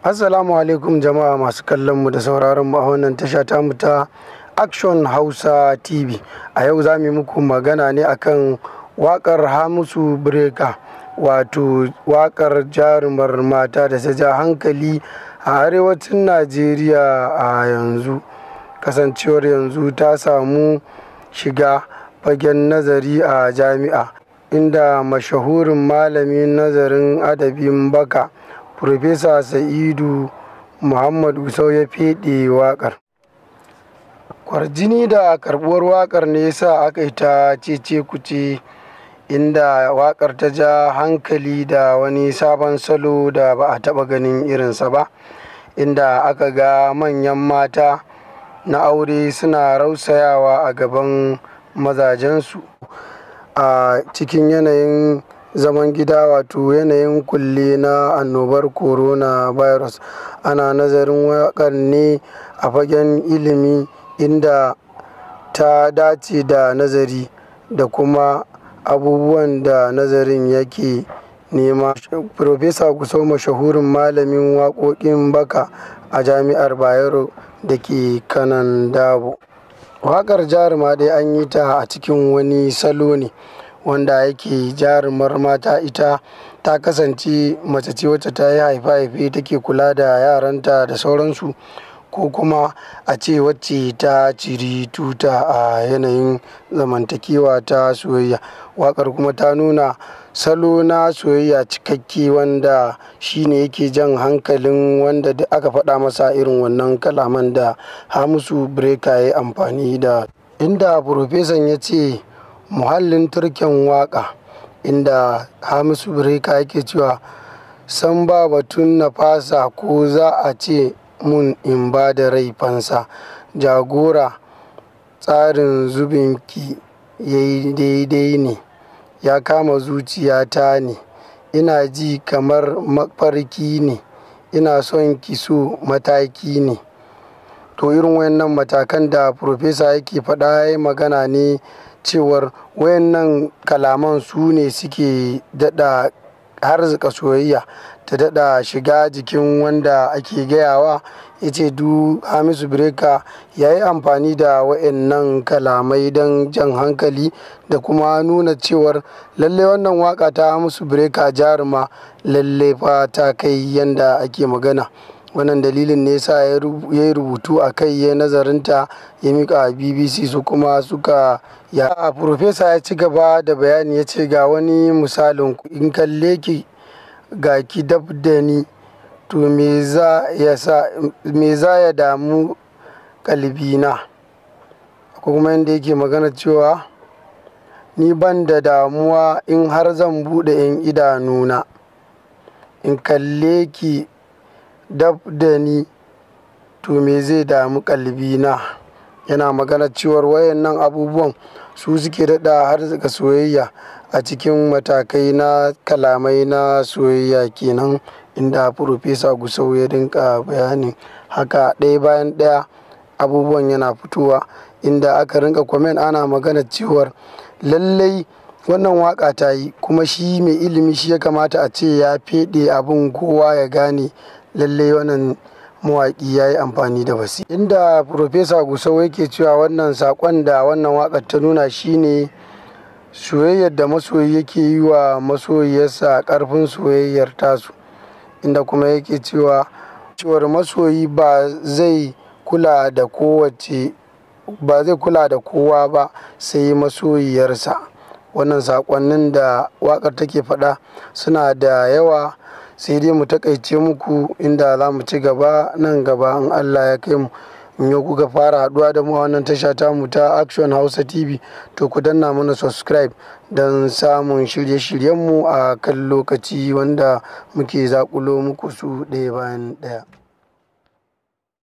Assalamu alaikum jama'a masu kallon mu da sauraron mu a wannan tasha ta mu ta Action Hausa TV. A yau za mu muku magana ne akan wakar Hamisu Breka wato wakar jarumar mata da ta ja hankali a arewacin Najeriya a yanzu. Kasancewar yanzu ta samu shiga fagen nazari a jami'a inda mashahurin malamin nazarin adabin baka. Profesa Sa'idu Muhammad Usau ya feɗe waƙar. Kwarjini da karɓuwar waƙar ne yasa aka yi ta cece kuce inda waƙar ta ja hankali da wani sabon salo da ba a taɓa ganin irinsa ba, inda aka ga manyan mata na aure suna rausayawa a gaban mazajensu a cikin yanayin zaman gida wato yanayin kulle na annobar coronavirus ana nazarin wakar ne a fagen ilimi inda ta dace da nazari da kuma abubuwan da nazarin yake nema Profesa Kusoma mashahurin malamin waƙoƙin baka a jami'ar Bayero da ke kanan dabo waƙar jaruma an yi ta a cikin wani salo ne wanda yake jarumar mata ita ta kasance mace ce wacce ta yi haife-haife take kula da yaranta da sauransu ko kuma a ce wacce ta ciri tuta a yanayin zamantakewa ta soyayya wakar kuma ta nuna salo na soyayya cikakke wanda shine yake jan hankalin wanda aka faɗa masa irin wannan kalaman da hamisu breka ya amfani da inda profesan ya ce muhallin turken waƙa inda hamisu birka yake cewa san ba batun na fasa ko za a ce mun in ba da rai fansa jagora tsarin zubinki ya yi daidai ne ya kama zuciyata ne ina ji kamar mafarki ne ina son ki so mataki ne to irin wayannan matakan da profesa yake faɗa ya magana ne cewar wayannan kalaman su ne suke har harzika soyayya ta dada shiga jikin wanda ake gayawa ya ce du hamisu breka ya yi amfani da wayannan kalamai don jan hankali da kuma nuna cewar lalle wannan waka ta hamisu breka jaruma lalle fa ta kai yanda ake magana wannan dalilin ne sa ya yi rubutu a kai ya nazarinta ya mika a bbc su kuma suka ya a profesa ya ci gaba da bayani ya ce ga wani misalin in kalle ki ga ki dab da ni to me za ya damu kalbina ko kuma yadda yake magana cewa ni ban da damuwa in har zan buɗe in idanuna in kalle ki dab da ni to me zai damu na yana magana cewar wayannan abubuwan su suke daɗa harzika soyayya a cikin matakai na kalamai na soyayya kenan inda profesa Gusau ya dinka bayani haka ɗaya bayan ɗaya abubuwan yana fitowa inda aka rinka comment ana magana cewar lallai wannan waka ta yi kuma shi mai ilimi shi ya kamata a ce ya feɗe abin kowa ya gane lalle wannan mawaƙi ya yi amfani da basi inda profesa gusau yake cewa wannan saƙon da wannan waƙar ta nuna shine soyayyar da masoyi yake yi wa masoyiyarsa ƙarfin soyayyar tasu inda kuma yake cewa cewar masoyi ba zai kula da kowace ba zai kula da kowa ba sai masoyiyarsa wannan saƙonnin da waƙar take faɗa suna da yawa sai dai mu takaice muku inda za mu ci gaba nan gaba in allah ya kai mu in yau kuka fara haduwa da mu a wannan tasha ta mu ta action hausa tv to ku danna mana subscribe don samun shirye-shiryenmu a kan lokaci wanda muke zakulo muku su ɗaya bayan ɗaya